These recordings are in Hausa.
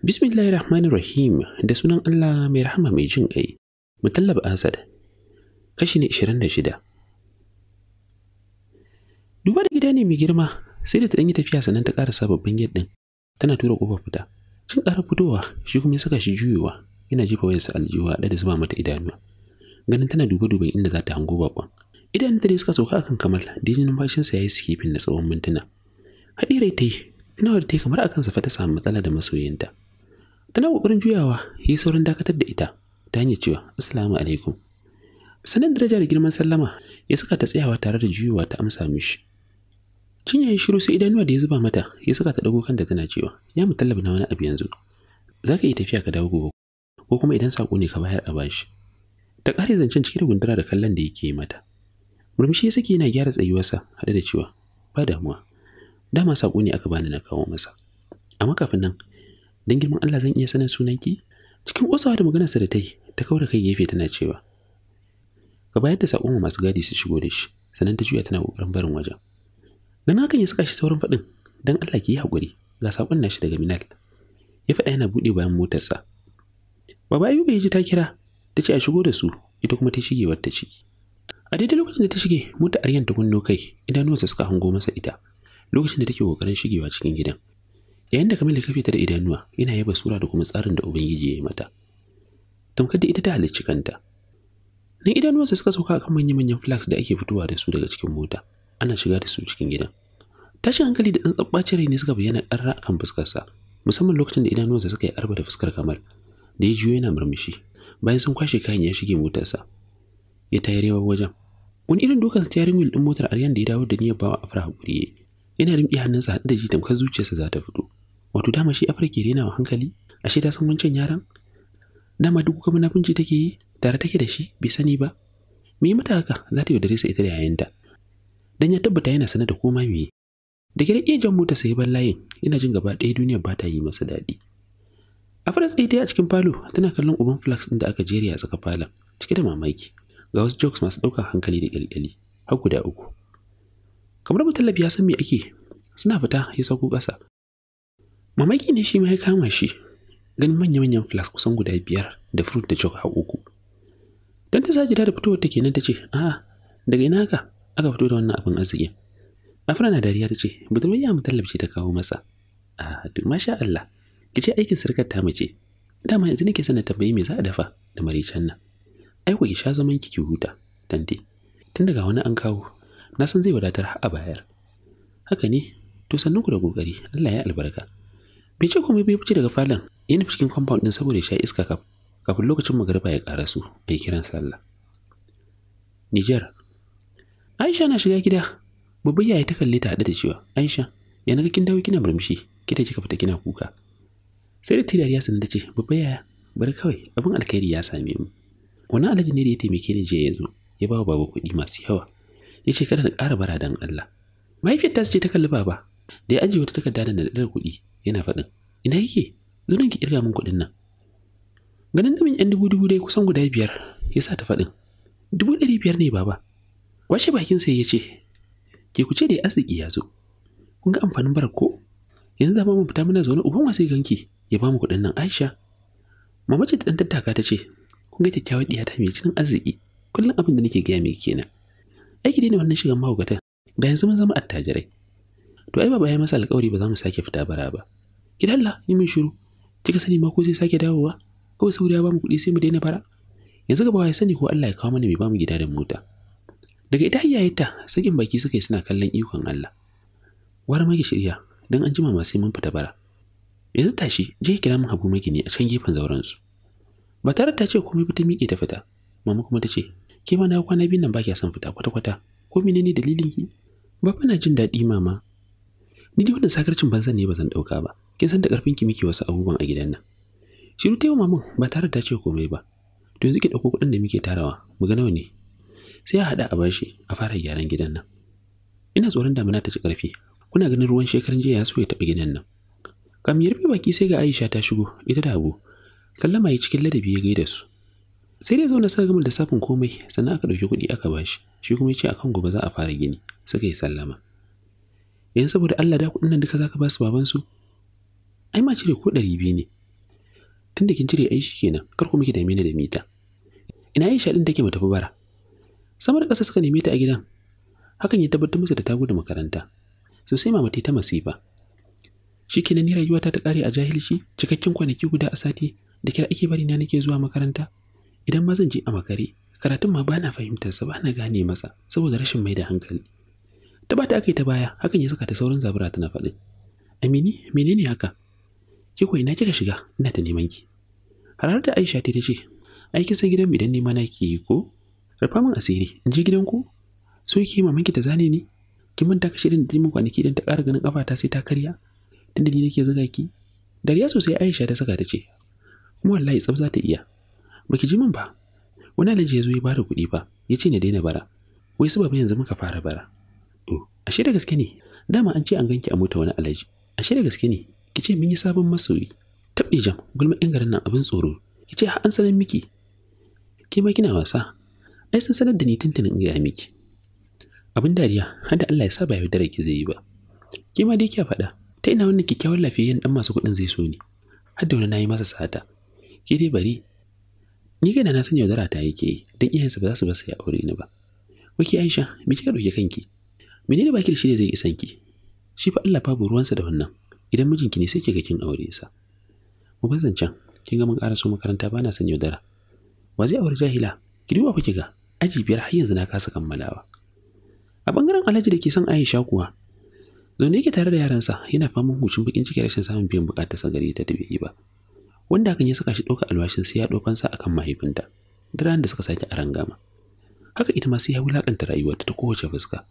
Bismillahirrahmanirrahim da sunan Allah mai rahama mai jin ƙai, mutallab Asad, kashi ne 26. Duba da gida ne mai girma, sai da ta ɗan tafiya sannan ta ƙarasa babban gate tana tura ƙofar fita. Sun ƙara fitowa, shi kuma ya saka shi juyowa, yana jefa wayarsa aljiwa ɗaya da zuba mata idanuwa. Ganin tana duba-duban inda za ta hango baƙon. Idan ta suka sauka akan Kamal, dijin numfashinsa ya yi sikifin na tsawon mintuna. Hadirai ta yi, ina ta yi kamar a kansa fa ta samu matsala da masoyinta. Tana ƙoƙarin juyawa, ya yi saurin dakatar da ita ta hanyar cewa Assalamu alaikum. Sanin daraja da girman sallama ya saka ta tsayawa tare da juyawa ta amsa mishi. Cinya ya shiru sai idanuwa da ya zuba mata ya saka ta dago kanta tana cewa ya mu tallaba na wani abu yanzu. Za ka iya tafiya ka dawo gobe ko kuma idan saƙo ne ka bayar a bashi. Ta ƙare zancen cike da gundura da kallon da yake mata. Murmushi ya sake yana gyara tsayuwarsa haɗe da cewa ba damuwa. Dama saƙo ne aka bani na kawo masa. Amma kafin nan, don girman Allah zan iya sanin sunanki? Cikin ƙosawa da maganarsa da ta yi, ta kaura kai gefe tana cewa. Ka bayar da saƙon masu gadi su shigo da shi, sannan ta juya tana ƙoƙarin barin wajen. dan hakan ya saka shi saurin faɗin, dan Allah ki yi haƙuri, ga saƙon nashi daga Minal. Ya faɗa yana buɗe bayan motarsa. Baba Ayuba ya ji ta kira, ta ce a shigo da su, ita kuma ta shige wata ciki. a daidai lokacin da ta shige mota aryan ta kunno kai idanuwansa suka hango masa ita lokacin da take kokarin shigewa cikin gidan yayin da kamar da kafe ta da idanuwa yana yaba sura da kuma tsarin da ubangiji ya yi mata tamkar da ita ta halicci kanta nan idanuwansa suka sauka kan manya-manyan flags da ake fitowa da su daga cikin mota ana shiga da su cikin gidan tashin hankali da tsantsan tsabbacin rai ne suka bayyana ƙarra akan fuskarsa musamman lokacin da idanuwansa suka yi arba da fuskar kamar da ya juyo yana murmushi bayan sun kwashe kayan ya shige motarsa ya tayar yawa wajen wani irin dukan steering wheel din motar aryan da ya dawo da niyyar bawa afra hakuri yana rinƙe hannunsa haɗu da ji tamkar zuciyarsa za ta fito wato dama shi afra ke rena wa hankali ashe ta san wancan yaran dama duk kuma munafunci take yi tare take da shi bai sani ba me yi mata haka za ta yaudare sa ita da yayanta dan ya tabbata yana sanar da koma me da kira iya jan mota sai ban layin ina jin gaba ɗaya duniya ba ta yi masa daɗi a tsaye a cikin falo tana kallon uban flax ɗin da aka jeriya a tsaka falon cike da mamaki ga wasu jokes masu ɗaukar hankali da ƙyalƙyali har guda uku kamar mutallafi ya san me ake suna fita ya sauko ƙasa mamaki ne shi ma ya kama shi ganin manya-manyan flas kusan guda biyar da fruit da chok har uku Don ta sajida da fitowar ta kenan ta ce a'a daga ina haka aka fito da wannan abin arzikin afra na dariya ta ce budurwar ya ce ta kawo masa a ah, to masha Allah ki ce aikin sarkar ta mace dama yanzu nake sanar tambayi me za a dafa da maricen nan ai ku sha zaman ki ki huta tante tun daga wani an kawo na san zai wadatar har a bayar haka ne to sannan da kokari Allah ya albarka bai ce komai bai fice daga falon ya cikin compound din saboda ya sha iska kafin lokacin magariba ya su, a yi kiran sallah Nijar Aisha na shiga gida babban yaya ta kalle ta haɗe da cewa Aisha ya ga kin dawo kina murmushi kita kika fita kina kuka sai da ya sun ce, babban yaya bari kawai abin alkhairi ya same mu wani alhaji ne da ya taimake ni jiya ya zo ya ba baba kuɗi masu yawa ya ce kada na ƙara bara don Allah mahaifiyar ta ce ta kalli baba da ya ajiye wata takarda da nadar kuɗi yana faɗin ina yake zo nan ki kirga min kuɗin nan ganin namin yan dubu dubu dai kusan guda biyar ya sa ta faɗin dubu ɗari biyar ne baba washe bakin sai ya ce ke kuce da ya arziki ya zo kun ga amfanin bara ko yanzu zama mu fita mana zaune uban wasu ganki ya ba mu kuɗin nan Aisha mamace ta ɗan tattaka ta ce kun ga kyakkyawar ɗiyata mai cinin arziki kullum abin da nake gaya mai kenan aiki dai ne wannan shigan mahaukatan da yanzu mun zama attajirai to ai baba ya masa alƙawari ba za mu sake fita bara ba ki dalla yi min shiru kika sani ma ko sai sake dawowa ko sauri ya bamu kuɗi sai mu daina bara yanzu gaba ya sani ko Allah ya kawo mana mai bamu gida da mota daga ita iyayenta sakin baki suka yi suna kallon ikon Allah ma mage shirya don an jima masu mun fita bara yanzu tashi je kira mun habu magini a can gefen zauren su matar ta ce komai fita miƙe ta fita. Mama kuma ta ce, "Ke mana ya kwana biyu nan ba son fita kwata-kwata. Ko ne dalilin ki?" Baba na jin daɗi mama. Ni dai wannan sakarcin zan ne ba zan ɗauka ba. Kin san da ƙarfin ki muke wasu abubuwan a gidan nan. Shiru ta yi maman ba tare da ta ce komai ba. To yanzu ki ɗauko kuɗin da muke tarawa, mu ga nawa ne. Sai a haɗa a bashi a fara gyaran gidan nan. Ina tsoron damuna ta ci ƙarfi. Kuna ganin ruwan shekaran jiya ya so ya taɓa gidan nan. Kam yarfe baki sai ga Aisha ta shigo, ita da Abu. sallama ya cikin ladabi ya gaida su sai dai zauna suka gama lissafin komai sannan aka ɗauki kuɗi aka bashi shi kuma ya ce akan gobe za a fara gini suka yi sallama yan saboda Allah da kuɗin nan duka zaka ba su baban su ai ma cire ko ɗari biyu ne tunda kin cire ai kenan kar kuma ki da ni da mita ina Aisha ɗin take mata bara samar ƙasa suka neme ta a gidan hakan ya tabbatar musu da ta gudu makaranta sosai mamati ta masifa shi kenan ni rayuwata ta kare a jahilci cikakken kwanaki guda a sati da kira ake bari na nake zuwa makaranta idan ma zan je a makare karatun ma bana fahimtar sa bana gane masa saboda rashin mai da hankali ta ba ta aka yi ta baya hakan ya saka ta saurin zabura tana faɗi. amini menene haka ki koyi na, kika shiga ina ta neman ki hararta aisha ta ce ai kin san gidan mu idan nema na ki yi ko rufa min asiri in je gidan ku so yi mamanki ta zane ni kin manta ka shirin da min kwanaki idan ta ƙara ganin kafa ta sai ta karya tunda ni nake zuga ki dariya sosai aisha ta saka ta ce kuma wallahi tsaf za ta iya baki ji min ba wani alaji ya zo ya ba da kuɗi ba ya ce na daina bara wai su baba yanzu muka fara bara to ashe da gaske ne dama an ce an ganki a mota wani alaji. ashe da gaske ne ki ce mun yi sabon masoyi tabbi jam gulma ɗin garin nan abin tsoro ki ce an sanar miki ke ma kina wasa ai sun sanar da ni tuntunin in a miki abin dariya har da Allah ya sa ba dare ki zai yi ba ke ma dai kya faɗa ta ina wannan kikkiawar lafiyayyen dan masu kuɗin zai so ni har da wani yi masa sata Ki dai bari ni kai na san yaudara ta yake yi don iyayensa ba za su basa ya aure ni ba wake aisha me kika ɗauki kanki menene baki da shi ne zai isan ki shi fa Allah babu ruwansa da wannan idan mijinki ne sai ga kin aure sa mu bazan can kin ga mun so makaranta bana san yaudara wa zai aure jahila ki duba ki ga aji biyar har yanzu na kasa kammalawa a bangaren Alhaji da ke son Aisha kuwa zaune yake tare da yaransa yana faman hucin bakin ciki rashin samun biyan bukatarsa gare ta da bai ba wanda hakan ya saka shi ɗaukar alwashin sai ya ɗaukan sa akan mahaifinta da ran da suka sake aran gama haka ita ma sai ya wulakanta rayuwarta ta kowace fuska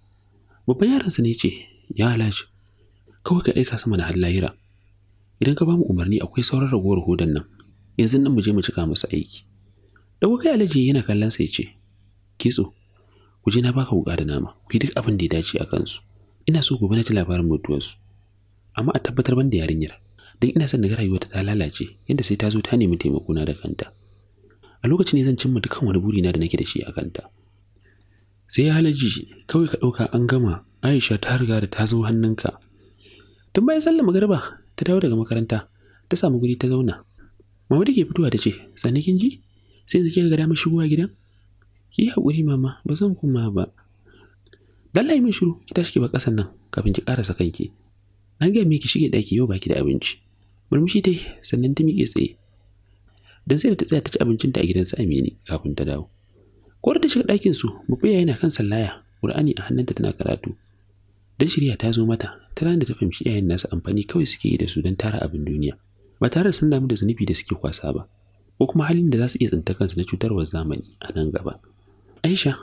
babban yaron sa ne ce ya halashi kawai ka aika sama na har lahira idan ka bamu umarni akwai sauran ragowar hodan nan yanzu nan mu je mu cika masa aiki dawo kai alaji yana kallon sa ya ce kitso ku je na baka wuƙa da nama ku yi duk abin da ya dace a kansu ina so gobe na ji labarin mutuwarsu amma a tabbatar ban da yarinyar don ina son na rayuwarta ta lalace yadda sai ta zo ta nemi taimako da kanta a lokacin ne zan cimma dukkan wani burina da nake da shi a kanta sai ya halaji kawai ka ɗauka an gama aisha ta riga da ta zo hannunka tun bayan sallar magariba ta dawo daga makaranta ta samu guri ta zauna mama da ke fitowa ta ce "Sani kin ji sai yanzu kika ga damar shigowa gidan ki hakuri, mama ba zan kuma ba yi min shiru ki tashi ki ba ƙasan nan kafin ki ƙarasa kanki na ga me ki shige ɗaki yau baki da abinci murmushi ta yi sannan ta miƙe tsaye Don sai da ta tsaya ta ci abincinta a gidansa mini kafin ta dawo kowar ta shiga ɗakin su mafiya yana kan sallaya ƙur'ani a hannunta tana karatu Don shirya ta zo mata ta da ta fahimci iyayen nasu amfani kawai suke yi da su don tara abin duniya ba tare da sun damu da zunubi da suke kwasa ba ko kuma halin da za su iya tsinta kansu na cutarwar zamani a nan gaba Aisha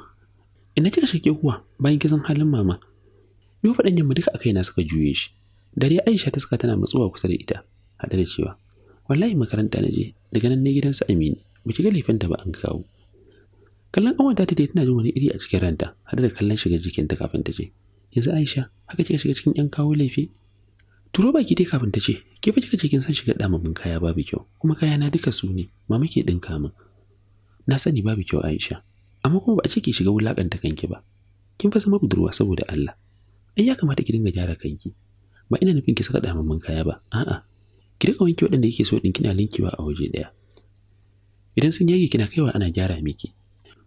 ina kika shake kuwa bayan kisan halin mama yau faɗan yamma duka akai na suka juye shi dare Aisha ta suka tana matsuwa kusa da ita haɗe da cewa wallahi makaranta na je daga nan ne gidansa amini ba ki ga laifinta ba an kawo kallon ƙanwata ta tana jin wani iri a cikin ranta haɗe da kallon shiga jikinta kafin ta ce yanzu aisha haka kika shiga cikin yan kawo laifi turo baki dai kafin ta ce ki fa kika cikin san shiga damamin kaya babu kyau kuma kaya na duka su ne mama ke dinka min na sani babu kyau aisha amma kuma ba a ce ki shiga wulakanta kanki ba kin fasa budurwa saboda Allah ai ya kamata ki dinga gyara kanki ba ina nufin ki saka damamin kaya ba a'a ki riƙa wanke waɗanda yake so ɗin kina linkewa a waje ɗaya idan sun yage kina kaiwa ana gyara miki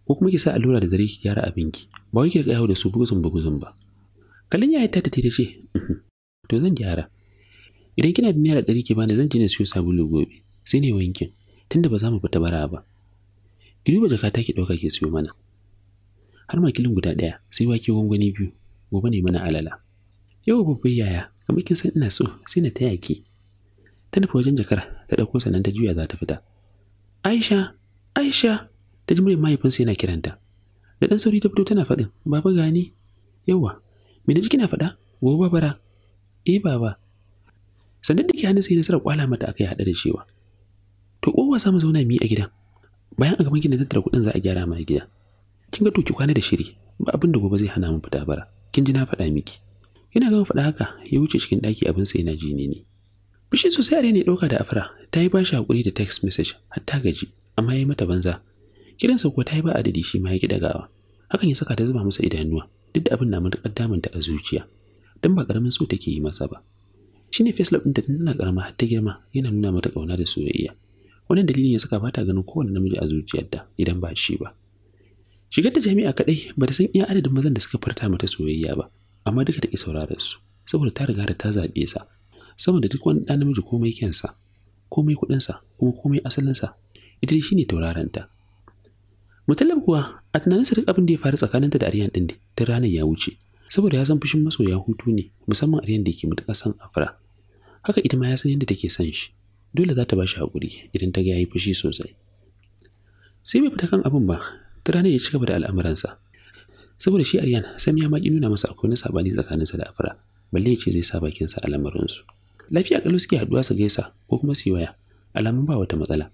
ko kuma ki sa allura da zare ki gyara abin ki ba wai ki yawo da su buguzun buguzun ba kallon yaya ta ta ce mhm, to zan gyara idan kina da naira ɗari ki bani zan je na siyo sabulu gobe sai ne wankin tunda ba za mu fita bara ba ki duba jakata ki ɗauka ke siyo mana har ma kilin guda ɗaya sai wake gwangwani biyu gobe ne mana alala yau babban yaya kamar kin san ina so sai na taya ki ta nufi wajen jakar ta ɗauko sannan ta juya za ta fita aisha aisha ta ji muryar mahaifinsa yana kiranta da ɗan sauri ta fito tana faɗin baba gani yawa me na ji kina faɗa gobe babara. eh baba Sannan da ke hannun sai nasarar kwala mata aka yi haɗa da cewa to kowa samu zauna mi a gidan bayan a gaban kina tattara kuɗin za a gyara mana gida kin ga to kwana da shiri ba abin da gobe zai hana mu fita bara kin ji na faɗa miki yana gama faɗa haka ya wuce cikin ɗaki abin sai yana jini ne Bishi sosai a ne ɗauka da afra ta yi ba bashi haƙuri da text message har ta gaji amma ya yi mata banza. Kiransa kuwa ta yi ba adadi shi ma ya ƙi gawa. Hakan ya saka ta zuba masa idanuwa duk da abin na matuƙar ta a zuciya. Don ba ƙaramin so take yi masa ba. Shi ne face love ɗinta tun tana ƙarama har ta girma yana nuna mata ƙauna da soyayya. Wannan dalilin ya saka ba ta ganin kowane namiji a zuciyarta idan ba shi ba. Shigar da jami'a kaɗai ba ta san iya adadin mazan da suka farta mata soyayya ba, amma duka take sauraron su saboda ta riga da ta zaɓe sa sama duk wani ɗan namiji komai kyansa komai kuɗinsa kuma komai asalinsa ita dai shine tauraronta mutallab kuwa a tunaninsa duk abin da ya faru tsakaninta da aryan ɗin tun ranar ya wuce saboda ya san fushin masoya hutu ne musamman aryan da yake matuƙar son afra haka ita ma ya san yadda take son shi dole za ta ba shi haƙuri idan ta ga ya yi fushi sosai sai bai fita kan abin ba ta ranar ya ci gaba da al'amuransa saboda shi aryan sam ya maƙi nuna masa akwai na saɓani tsakaninsa da afra balle ya ce zai sa bakinsa a su lafiya kallo suke haɗuwa su gaisa ko kuma su waya alamun ba wata matsala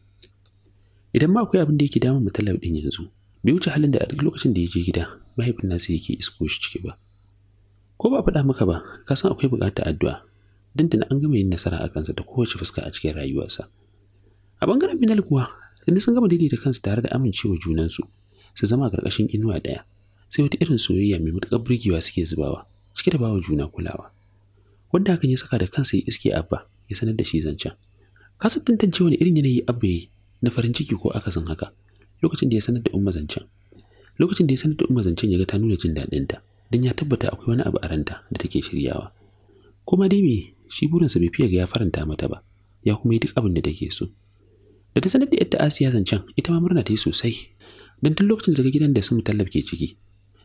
idan ma akwai abin da yake damun mutalar din yanzu bai wuce halin da a duk lokacin da ya je gida mahaifin nasa yake isko shi ciki ba ko ba faɗa maka ba ka san akwai buƙatar addu'a dantana an gama yin nasara a kansa ta kowace fuska a cikin rayuwarsa a bangaren binal kuwa tunda sun gama daidaita kansu tare da amincewa junansu su zama a ƙarƙashin inuwa ɗaya sai wata irin soyayya mai matuƙar burgewa suke zubawa cike da bawa juna kulawa wanda hakan ya saka da kansa ya iske abba ya sanar da shi zancen Ka san tantance wani irin yanayi abba ya na farin ciki ko akasin haka lokacin da ya sanar da umma zancen lokacin da ya sanar da umma zancen ya ga ta nuna jin daɗin ta don ya tabbata akwai wani abu a ranta da take shiryawa kuma dai me shi burinsa bai fiye ga ya faranta mata ba ya kuma yi duk abin da take so da ta sanar da yadda asiya zancen ita ma murna ta yi sosai don tun lokacin da daga gidan da sun tallaf ke ciki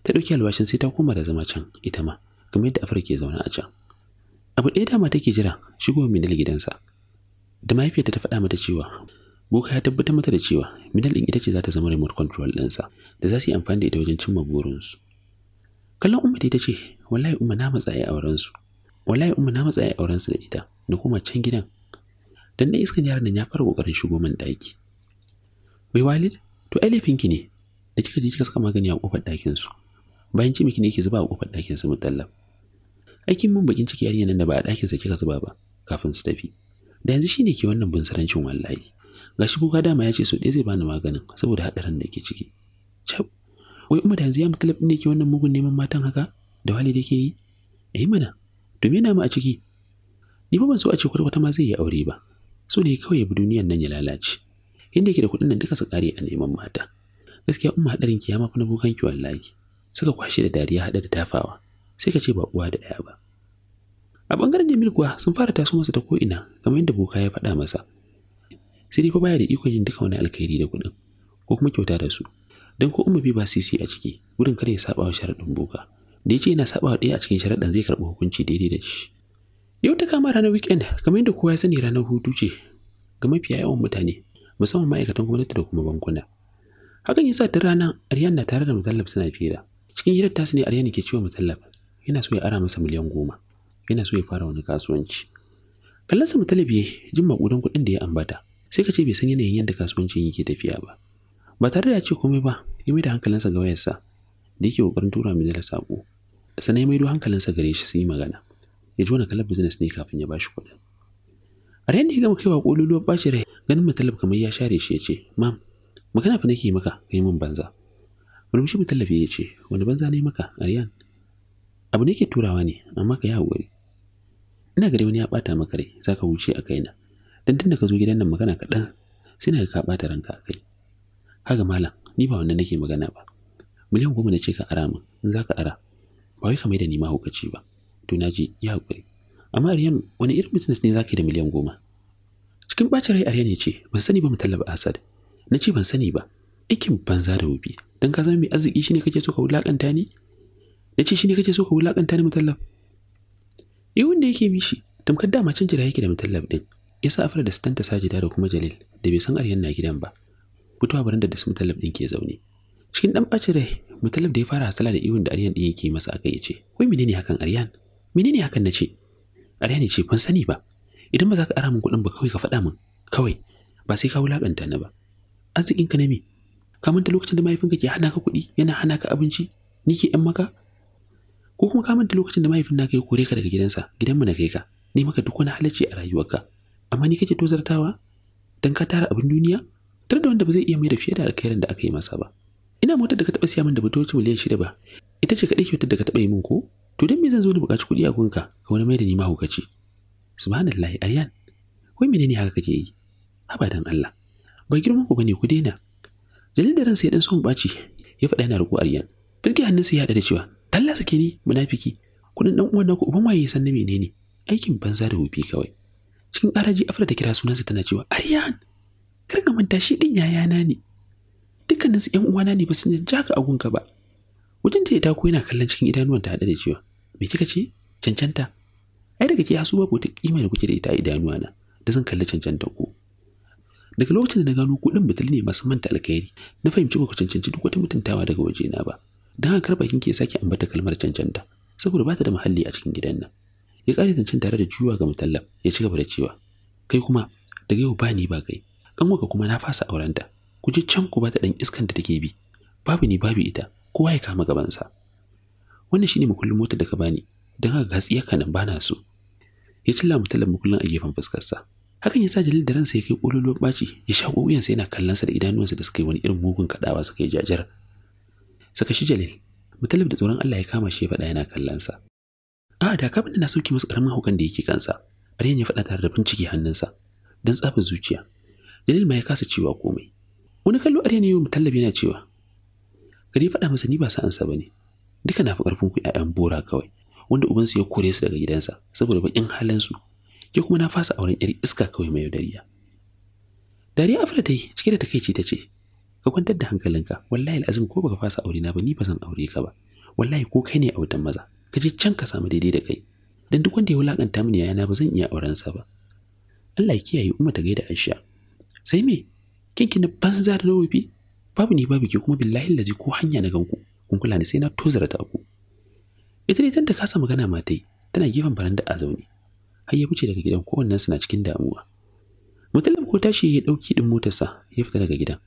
ta ɗauki albashin sai ta koma da zama can ita ma kamar yadda afirka ke zaune a can abu ɗaya dama take jira shigo minal gidansa da mahaifiyarta ta faɗa mata cewa Buka ya tabbatar mata da cewa Minal ɗin ita ce za ta zama remote control ɗinsa da za su yi amfani da ita wajen cimma burinsu. Kallon Umma ta ce, "Wallahi Umma na matsa ya auren su. Wallahi Umma na matsa ya auren su da ita, na koma can gidan." Dan dai iskan yaran nan ya fara kokarin shigo min ɗaki. Wai Walid, to ai ki ne da kika je kika saka magani a kofar ɗakin su. Bayan cimikin ne yake zuba a kofar ɗakin su mutallab. aikin mun bakin ciki yarinya nan da ba a ɗakin sa kika zuba ba kafin su tafi da yanzu shine ke wannan sarancin wallahi gashi kuka dama ya ce so ɗaya zai bani maganin saboda haɗarin da ke ciki cap wai umma da yanzu ya mutalab ne ke wannan mugun neman matan haka da wali da ke yi eh mana to me na mu a ciki ni ba ban so a ce kwata ma zai yi aure ba so ne kawai ya bi duniyan nan ya lalace inda yake da kuɗin nan duka su ƙare a neman mata gaskiya umma haɗarin kiyama fa na bukan ki wallahi suka kwashe da dariya haɗa da tafawa sai ka ce ba uwa da ɗaya ba a bangaren jamil kuwa sun fara taso masa ta ko'ina kamar yadda boka ya faɗa masa sai dai fa baya da ikon yin duka wani alkhairi da kuɗin ko kuma kyauta da su don ko umma ba sisi a ciki gudun kada ya saɓa wa sharaɗin boka da ya ce yana saɓa wa ɗaya a cikin sharaɗin zai karɓi hukunci daidai da shi yau ta kama ranar weekend kamar yadda kowa ya sani ranar hutu ce ga mafiya yawan mutane musamman ma'aikatan gwamnati da kuma bankuna hakan yasa ta rana Aryan na tare da mutallaf suna fira cikin hirar tasu ne Aryan ke cewa mutallaf yana so ya ara masa miliyan goma yana so ya fara wani kasuwanci Kallon kallonsa mutalabi jin maƙudan kuɗin da ya ambata sai ka ce bai san yanayin yadda kasuwancin yake tafiya ba ba tare da ya ce komai ba ya mai da hankalinsa ga wayarsa da yake ƙoƙarin tura mai da saƙo sannan ya maido hankalinsa gare shi su yi magana ya ji wani kallon business ne kafin ya bashi kuɗin a ranar da ya gama kaiwa ƙololuwar ɓaci rai ganin mutalab kamar ya share shi ya ce mam magana fa nake maka ka yi min banza murmushi mutallafi ya ce wani banza ne maka aryan abu ne ke turawa ne amma ka yi haƙuri ina gari wani ya ɓata maka rai za ka wuce a kai na. tun da ka zo gidan nan magana kaɗan sai na ka ɓata ranka a kai Haga malam ni ba wannan nake magana ba miliyan goma na ce ka ara min in za ka ara ba wai ka mai da nima hukaci ba to na ji ya haƙuri amma Aryan wani irin business ne za ka yi da miliyan goma cikin ɓacin rai Aryan ya ce ban sani ba mu tallaba Asad na ce ban sani ba aikin banza da wubi don ka zama mai arziki shine kake so ka wulakanta ni na ce shi ne kake so ka wulaƙanta ni mutallaf ihun eh, da yake mishi tamkar dama can jira yake da mutallaf din. ya sa afra da stanta sajida da kuma jalil da bai san aryan na gidan ba fitowa barin da su mutallaf din ke zaune cikin ɗan ɓacin rai mutallaf da ya fara hasala da ihun da aryan din yake masa akai yace ce wai menene hakan aryan menene hakan na ce aryan ya ce ban sani ba idan ba za ka ara min kuɗin ba kawai ka faɗa min kawai ba sai ka wulaƙanta ni ba arzikin ka na me ka manta lokacin da mahaifinka ke hana ka kuɗi yana hana ka abinci ni ke yan maka ko kuma ka manta lokacin da mahaifin naka ya kore ka daga gidansa gidanmu na kai ka ne maka duk wani halacci a rayuwarka amma ni kake tozartawa dan ka tara abin duniya tare da wanda ba zai iya mai da fiye da alkhairin da aka yi masa ba ina motar da ka taɓa siya min da bata miliyan shida ba ita ce kaɗai kyautar da ka taɓa yi min ko to dan me zan zo da buƙaci kuɗi a gunka ka wani mai da ni mahaukaci subhanallahi aryan wai ne haka kake yi haba dan Allah ba girman ku bane ku daina jalil da ransa ya dan son ɓaci ya faɗa yana riko aryan fiske hannunsa ya haɗa da cewa Allah sake ni munafiki kudin dan uwan naku uban waye san na menene aikin banza da wufi kawai cikin araji afra ta kira sunansa tana cewa aryan kar ka manta shi din yayana ne dukkanin su yan uwana ne ba sun jaka agunka ba wajen ta ta ko yana kallon cikin idanuwan ta hada da cewa me kika ce cancanta ai daga ke hasu babu wata kima da kuke da ita idanuwa na da zan kalli cancanta ku daga lokacin da na gano kuɗin mutum ne masu manta alkhairi na fahimci ba ku cancanci duk wata mutuntawa daga na ba don haka karba kinki ya sake ambata kalmar cancanta saboda ba ta da muhalli a cikin gidan nan ya kare zancen tare da juwa ga mutallab ya ci gaba da cewa kai kuma daga yau ba ni ba kai ka kuma na fasa aurenta ku je can ku ba ta dan iskan da take bi babu ni babu ita kowa ya kama gabansa wannan shine mukullin motar da ka bani don haka gatsiyar ka nan bana so ya cilla mutallab mukullin a gefen fuskarsa hakan ya sa jalil da ransa ya kai ƙololuwar ɓaci ya sha ƙoƙuyansa yana kallonsa da idanuwansa da suka yi wani irin mugun kaɗawa suka yi jajar saka shi jalil mutalib da tsoron Allah ya kama shi ya faɗa yana kallonsa a da kafin na sauke masa karamin hukan da yake kansa aryan ya faɗa tare da bincike hannunsa don tsafin zuciya jalil ma ya kasa cewa komai wani kallo aryan ya yi mutalib yana cewa gari faɗa masa ni ba sa ba ne duka na fi ƙarfin ku 'ya'yan bora kawai wanda ubansu ya kore su daga gidansa saboda baƙin halinsu ke kuma na fasa auren 'yar iska kawai mai dariya dariya afra ta cike da takaici ta ce ka kwantar da hankalinka wallahi al'azim ko baka fasa aure na ba ni ba zan aure ka ba wallahi ko kai ne a wutan maza ka je can ka samu daidai da kai dan duk wanda ya wulakanta mini na ba zan iya auren sa ba Allah ya kiyaye umma ta gaida Aisha sai me kinki na banza da nawofi babu ni babu ki kuma billahi lazi ko hanya na ganku kun kula ni sai na tozara ta ku ita ne tanta kasa magana matai tana gefen baranda a zaune har ya fice daga gidan kowannen na cikin damuwa mutalab ko tashi ya dauki din motarsa ya fita daga gidan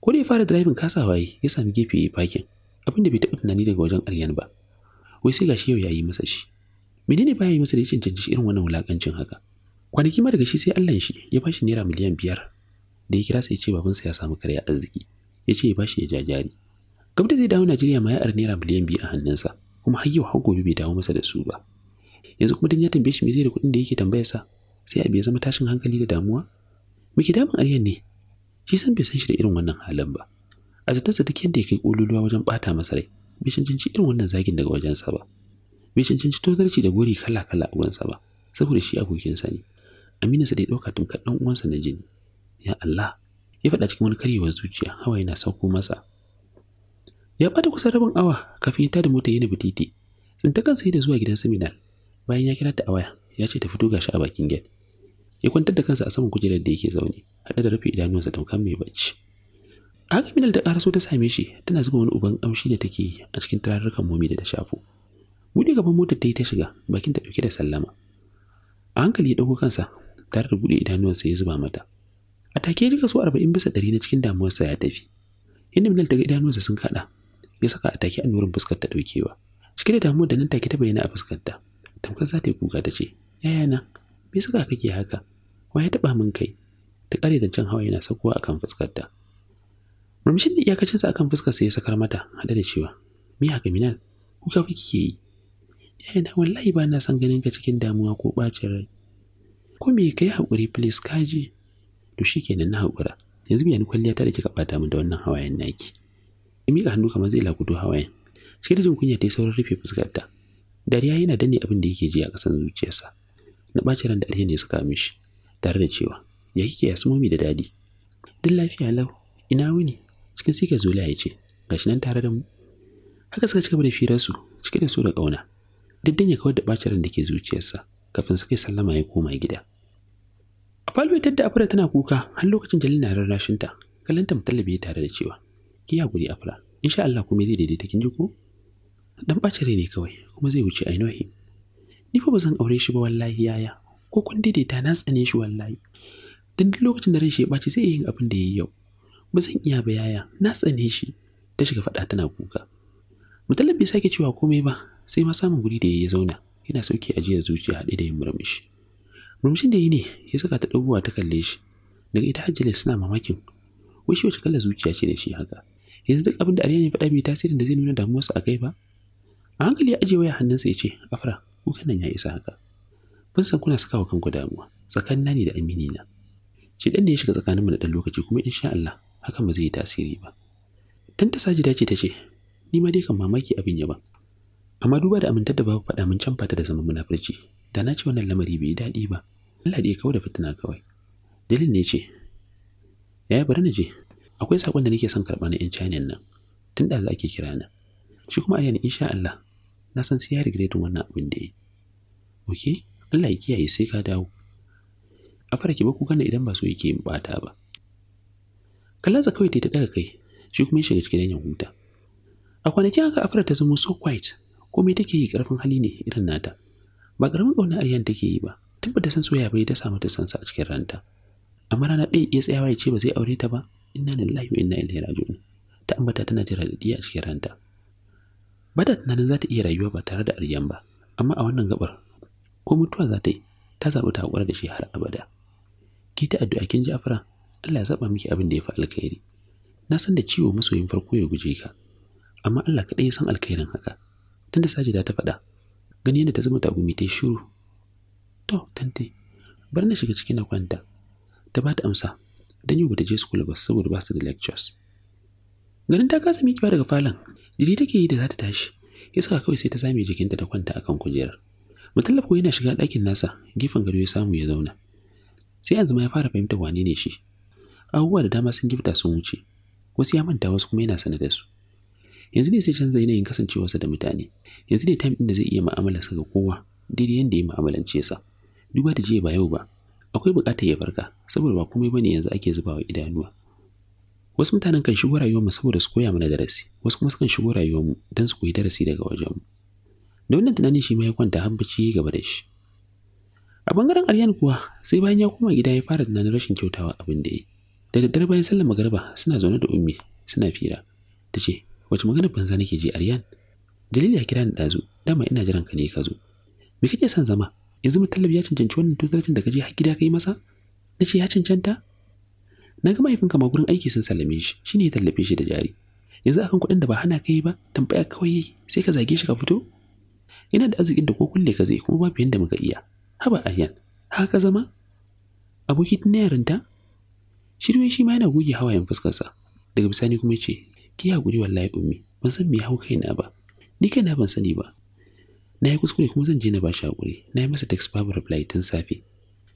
ko da ya fara driving kasawa yi ya sami gefe ya fakin abin da bai taɓa tunani daga wajen aryan ba wai sai gashi yau ya yi masa shi menene baya yi masa da ya cancanci irin wannan wulakancin haka kwanaki ma daga shi sai allah shi ya bashi naira miliyan biyar da ya kira sai ya ce babansa ya samu karya arziki ya ce ya bashi ya jajari gab da zai dawo najeriya ma ya ar naira miliyan biyu a hannunsa kuma har yau har gobe bai dawo masa da su ba yanzu kuma dan ya tambaye shi me zai da kuɗin da yake tambayarsa sai abu ya zama tashin hankali da damuwa muke damun aryan ne shi san bai san shi da irin wannan halin ba a zatansa duk yadda ya kai wajen ɓata masa rai bai cancanci irin wannan zagin daga sa ba bai cancanci tozarci da gori kala-kala a gunsa ba saboda shi abokin sa ne Amina sa dai dauka tun kaɗan uwansa na jini ya Allah ya faɗa cikin wani karyewar zuciya hawa yana sauko masa ya ɓata kusa rabin awa kafin ya da mota yana bititi ta kansa da zuwa gidan seminal bayan ya kira ta a waya ya ce ta fito gashi a bakin gate ya kwantar da kansa a saman kujerar da yake zaune haɗe da rufe idanuwansa tamkar mai bacci a haka minal ta ƙaraso ta same shi tana zuba wani uban amshi da take yi a cikin tararrukan momi da ta shafo buɗe gaban motar ta yi ta shiga bakin ta ɗauke da sallama a hankali ya ɗauko kansa tare da buɗe idanuwansa ya zuba mata a take ji kaso arba'in bisa ɗari na cikin damuwarsa ya tafi inda minal ta ga idanuwansa sun kaɗa ya saka a take annurin fuskar ta ɗaukewa cike da damuwar da nan take ta bayyana a fuskarta tamkar za ta yi kuka ta ce yaya na me saka kake haka wai ya taɓa min kai ta kare da can hawa yana sakuwa akan fuskarta murmushin da iyakacin sa akan fuskar sa ya sakar mata hada da cewa me haka minal kuka fi kike yi yaya da wallahi ba na san ganin ka cikin damuwa ko ɓacin rai ko me kai hakuri please kaji to shikenan na hakura. yanzu biyan kwalliya ta da kika bata min da wannan hawayen naki in miƙa hannu kamar zai lagudo hawayen sai da jin kunya ta yi saurin rufe fuskarta dariya yana danne abin da yake ji a kasan zuciyarsa na ɓacin ran da ne ne suka mishi tare da cewa ya kike ya mi da dadi duk lafiya lau ina wuni cikin sika zuliya ya ce gashi nan tare da mu haka suka gaba da firar su cike da so da kauna duk dan ya kawar da bacin da ke zuciyarsa kafin suka yi sallama ya koma gida a falo da afra tana kuka har lokacin jalil na rarrashin ta mu mutallabi tare da cewa ki ya guri afra insha Allah kuma zai daidaita kin ji ko dan bacin ne kawai kuma zai wuce ainihi. ni fa ba zan aure shi ba wallahi yaya ko kun ta na tsane shi wallahi dan duk lokacin da ran shi ya ɓaci sai yin abin da ya yau ba zan iya ba yaya na tsane shi ta shiga fada tana kuka mutalib bai sake cewa komai ba sai ma samun guri da ya zauna yana sauke ajiyar zuciya hade da yin murmushi murmushin da yayi ne ya saka ta ɗaguwa ta kalle shi daga ita hajjale suna mamakin wai shi wace kallar zuciya ce da shi haka yanzu duk abin da Aryan ya faɗa bai tasirin da zai nuna damuwarsa a kai ba a hankali ya aje waya hannunsa ya ce afra kukan nan ya isa haka kun san kuna sakawa kanku damuwa tsakanin nani da amini na shi dan da ya shiga tsakanin mu na dan lokaci kuma insha Allah hakan ba zai yi tasiri ba tanta saji ce tace ni ma dai kan mamaki abin ya ba amma duba da amintar da babu faɗa mun can fata da zaman munafurci da na ci wannan lamari bai daɗi ba Allah da ya kawo da fitina kawai dalil ne ce yaya bari na je akwai sakon da nake son karɓa na yan China nan tun da ake kira na shi kuma a yana insha Allah na san sai ya regretin wannan abin da yi okay Allah ya kiyaye sai ka dawo a farki ba ku gane idan ba su yake yin bata ba kallansa kawai ta daga kai shi kuma ya shiga cikin yanyan huta a kwanakin haka afra ta zama so quiet komai take yi karfin hali ne irin nata ba karamin kauna aryan take yi ba tabbata san soyayya bai ta samu ta sa a cikin ranta amma rana ɗaya iya tsayawa ya ce ba zai aure ta ba inna lillahi wa inna ilaihi raji'un ta ambata tana jira da a cikin ranta ba ta tunanin za ta iya rayuwa ba tare da aryan ba amma a wannan gabar ko mutuwa za ta yi ta zaɓi ta haƙura da shi har abada ki ta addu'a kin ji afra Allah ya zaɓa miki abin da ya fi alkhairi na san da ciwo masoyin farko ya guje ka amma Allah kaɗai ya san alkhairin haka tunda sajida ta faɗa gani yadda ta zama tagumi ta yi shiru to tante bar na shiga cikin na kwanta ta ba ta amsa dan yau ta je kula ba saboda ba su da lectures ganin ta kasa ba daga falon jiri take yi da za ta tashi ya kawai sai ta zame jikinta da kwanta akan kujerar Mutallaf ko yana shiga ɗakin nasa, gefen gado ya samu ya zauna. Sai yanzu ma ya fara fahimta wane ne shi. Abubuwa da dama sun gifta sun wuce, wasu ya manta wasu kuma yana sana da su. Yanzu ne sai canza yanayin kasancewarsa da mutane. Yanzu ne time din da zai iya sa ga kowa, daidai yanda ya mu'amalance sa. Duba da jiya ba yau ba, akwai buƙatar ya farka saboda ba komai bane yanzu ake zubawa idanuwa. Wasu mutanen kan shigo rayuwar mu saboda su koya mana darasi, wasu kuma sukan shigo rayuwar mu don su koyi darasi daga wajen mu. da wannan tunanin shi ma ya kwanta har bacci gaba da shi a bangaren aryan kuwa sai bayan ya koma gida ya fara tunanin rashin kyautawa abin da ya yi da daddare bayan sallar magariba suna zaune da ummi suna fira ta ce wace magana banza nake ji aryan dalili ya kira ni dazu dama ina jiran ka ne ka zo me kake son zama yanzu mutallab ya cancanci wannan tutarcin da ka je har gida ka yi masa na ce ya cancanta na ga mahaifinka ma gurin aiki sun sallame shi shine ya tallafe shi da jari yanzu akan kuɗin da ba hana kai ba tambaya kawai sai ka zage shi ka fito yana da arzikin da ko kulle ka zai kuma babu yanda muka iya haba ayyan haka zama aboki na yarinta shirme shi ma yana goge hawayen fuskarsa daga bisani kuma ce ki hakuri wallahi ummi ban san me hau kaina ba ni kaina ban sani ba na yi kuskure kuma zan je na bashi hakuri na yi masa text babu reply tun safe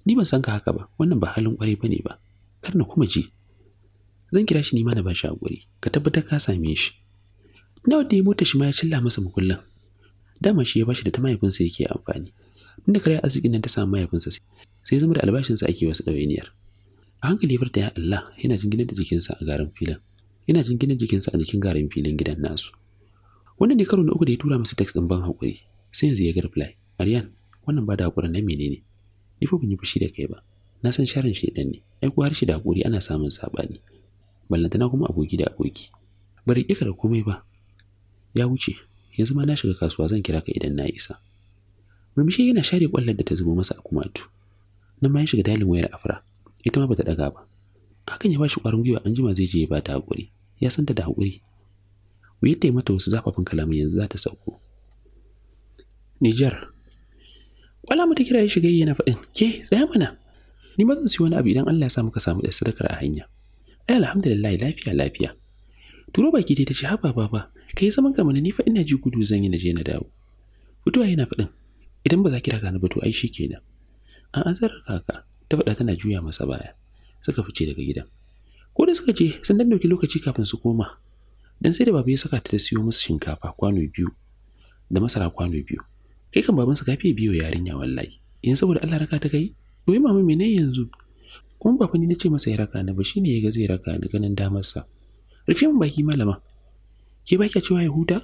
ni ban san ka haka ba wannan ba halin kwarai bane ba kar na kuma ji zan kira shi ni ma na bashi shi hakuri ka tabbatar ka same shi nawa da ya mota shi ma ya cilla masa mukullin dama shi ya bashi da ta mahaifinsa yake amfani tunda kare arzikin nan ta samu mahaifinsa sai zama da albashinsa ake wasu ɗawainiyar a hankali farta ya Allah yana jingina da jikinsa a garin filin yana jingina jikinsa a jikin garin filin gidan nasu wannan ne karo na uku da ya tura masa text ɗin ban haƙuri. sai yanzu ya ga reply Aryan wannan ba da hakurin na menene ni fa ban yi fushi da kai ba na san sharin shedan ne ai kuwa harshe da haƙuri ana samun saɓani ballantana kuma aboki da aboki bari kika da komai ba ya wuce yanzu ma na shiga kasuwa zan kira ka idan na isa murmushi yana share kwallon da ta zubo masa a kumatu nan ma ya shiga dalin wayar afra ita ma bata daga ba hakan ya bashi kwarin gwiwa an jima zai je ya bata hakuri ya santa da hakuri wuyar ta yi mata wasu zafafin kalaman yanzu za ta sauko Nijar Kwala mata kira ya shiga yana faɗin ke tsaya mana ni ma zan siyo wani abu idan Allah ya sa muka samu ɗan sadakar a hanya ai alhamdulillah lafiya lafiya turo baki ta ce haba ba kai zaman ka mana ni fa ina ji gudu zan yi na je na dawo fitowa yana faɗin idan ba za ki raka ni ba to ai shi kenan A'a an zarar kaka ta faɗa tana juya masa baya suka fice daga gidan ko da suka je sun dan dauki lokaci kafin su koma dan sai da babu ya saka ta da siyo musu shinkafa kwano biyu da masara kwano biyu kai kan baban su gafe biyo yarinya wallahi in saboda Allah raka ta kai to yi mamu menene yanzu kuma baba ni nace masa ya raka ni ba shine ya ga zai raka ni ganin damar sa rufe min baki malama Ke ba cewa ya huta?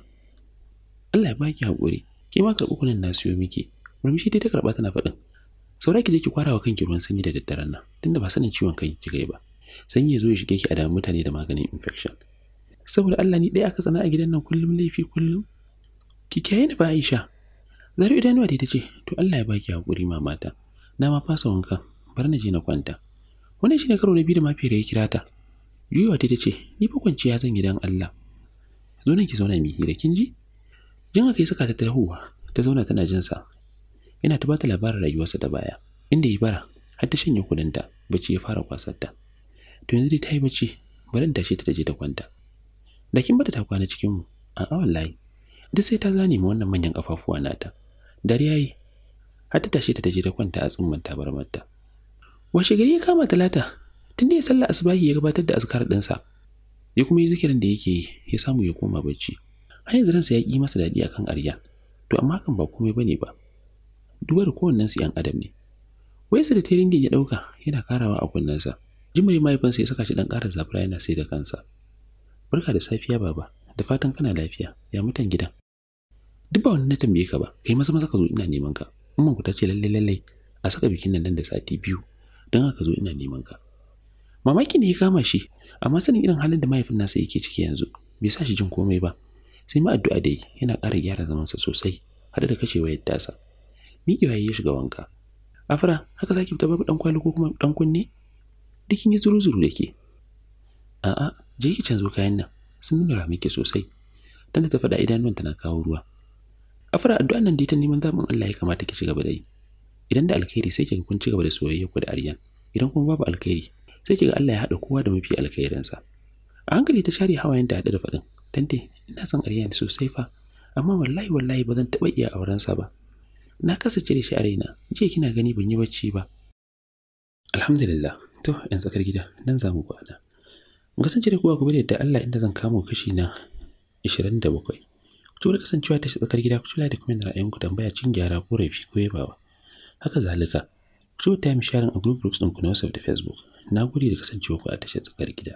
Allah ya baki ki haƙuri. Ke ma karɓi kunan na siyo miki. Murmushi dai ta karɓa tana faɗin. Saura ki je ki kwara wa kanki ruwan sanyi da daddaren nan, tunda ba sanin ciwon kai ki yi ba. Sanyi ya zo ya shige ki a damu mutane da maganin infection. Saboda Allah ni ɗaya aka tsana a gidan nan kullum laifi kullum. Ki kiyaye ni fa Aisha. Zaru idanuwa dai ta ce, To Allah ya baki haƙuri mamata. Na ma fasa wanka, bar na je na kwanta. Wannan shine karo na biyu da mafi ya kirata. ta. ta ce, Ni fa kwanciya zan yi dan Allah. zo ki zauna mi hira kin ji jin haka ya saka ta tarhuwa ta zauna tana jin sa yana ta bata labarin rayuwarsa da baya inda ya bara har ta shanye kudinta bacci ya fara kwasar ta to yanzu dai ta yi bacci bari in tashi ta taje ta kwanta da kin bata ta kwana cikin mu a wallahi duk sai ta zane mu wannan manyan kafafuwa nata dare yayi har ta tashi ta taje ta kwanta a tsimmin mata washe gari ya kama talata tun da ya sallah asubahi ya gabatar da azkar ɗinsa ya kuma yi zikirin da yake yi ya samu ya koma bacci har yanzu ransa ya ƙi masa daɗi akan arya to amma hakan ba komai ba ne ba duba da kowannen su yan adam ne waisa da teringin ya ɗauka yana karawa a kunnensa jimiri mahaifinsa ya saka shi ɗan ƙara zafira yana sai da kansa barka da safiya baba da fatan kana lafiya ya mutan gidan duk ba wani na tambaye ka ba kai maza maza ka zo ina neman ka umman ku ta ce lalle lalle a saka bikin nan da sati biyu don haka zo ina neman ka mamaki ne ya kama shi amma sanin irin halin da mahaifin nasa yake ciki yanzu bai sa shi jin komai ba sai ma addu'a dai yana ƙara gyara zamansa sosai hada da kashewa yadda sa miƙewa ya shiga wanka afra haka zaki fita babu dan kwali ko kuma ɗan kunne dukin ya zuru-zuru da ke a'a je ki canzo kayan nan sun nuna miki sosai tana ta faɗa idanuwan tana kawo ruwa afra addu'an nan dai ta neman zaɓin Allah ya kamata ki ci gaba da idan da alkhairi sai ki kun ci gaba da soyayya ku da Aryan idan kuma babu alkhairi sai kiga Allah ya haɗa kowa da mafi alkhairinsa a hankali ta share hawayen da haɗe da faɗin tante ina son ne sosai fa amma wallahi wallahi ba zan taɓa iya aurensa ba na kasa cire shi a raina jiya kina gani ban yi bacci ba alhamdulillah to yan tsakar gida nan za mu kwana mu kasance da kowa gobe da yadda Allah inda zan kamo kashi na 27 ku tura kasancewa ta tsakar gida ku tula da kuma ra'ayinku tambaya cin gyara ko rafi ko yabawa haka zalika ku ta mi sharing a group groups ɗinku na WhatsApp da Facebook Na gode da kasancewa ku a tashar tsakar gida.